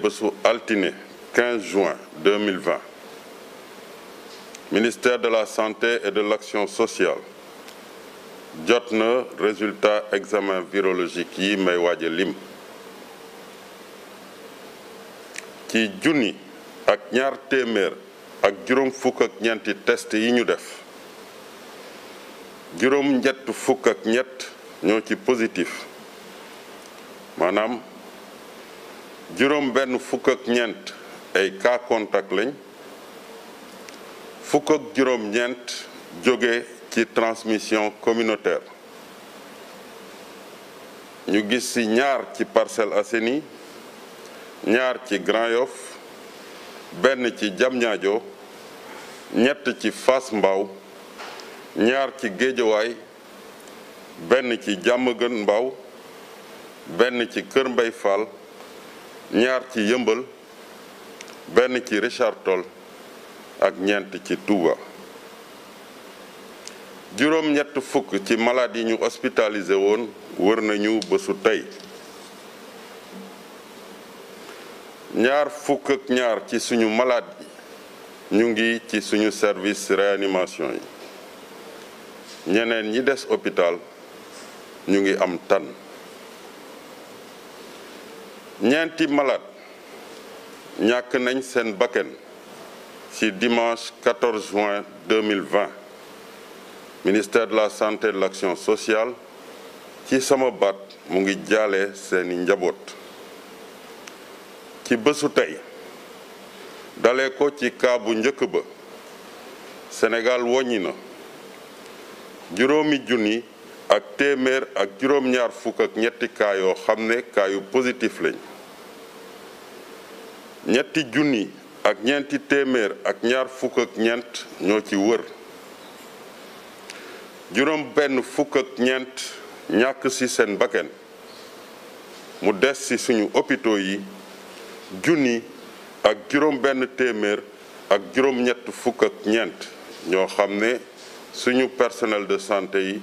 Bessou altine 15 juin 2020 ministère de la santé et de l'action sociale jot résultat examen virologique yi may lim Qui junni ak ñaar téeméer ak juróom fukk ak ñeenti test yi ñu def ak positif Manam, Jérôme ben fuk ak ñent ay cas contact lañ fuk ak Nient ñent transmission communautaire ñu gis ci ñaar ci parcelle aseni ñaar ci Grand Yoff ben ci ñett ci fas ñaar ci ben ci ben ñaar ci yëmbal benn ci Richard Toll ak ñeent ci Touba juróom ñett fukk ci malade yi ñu hospitalisé woon wër nañu bésu tey ñaar fukk ak ñaar ci suñu malaat yi ñu ngi ci suñu service réanimation yi ñeneen ñi des hôpital ñu ngi am tan ñenti malade ñak nañ sen c'est ci dimanche 14 juin 2020 ministère de la santé et de l'action sociale ci sama bat mu ngi jalé sen njabot ci bésu tay dalé ko ci ka bu Sénégal juroomi ak téeméer ak juróom-ñaar fukk ak ñetti kaa yoo xam ne kaa positif lañ ñetti junni ak ñeenti téeméer ak ñaar fukk ak ñeent ñoo ci wër juróom benn fukk ak ñeent ñàkk ci seen bakken mu des ci suñu hôpitaux yi junni ak juróom benn téeméer ak juróom ñett fukk ak ñeent ñoo xam ne suñu personnel de santé yi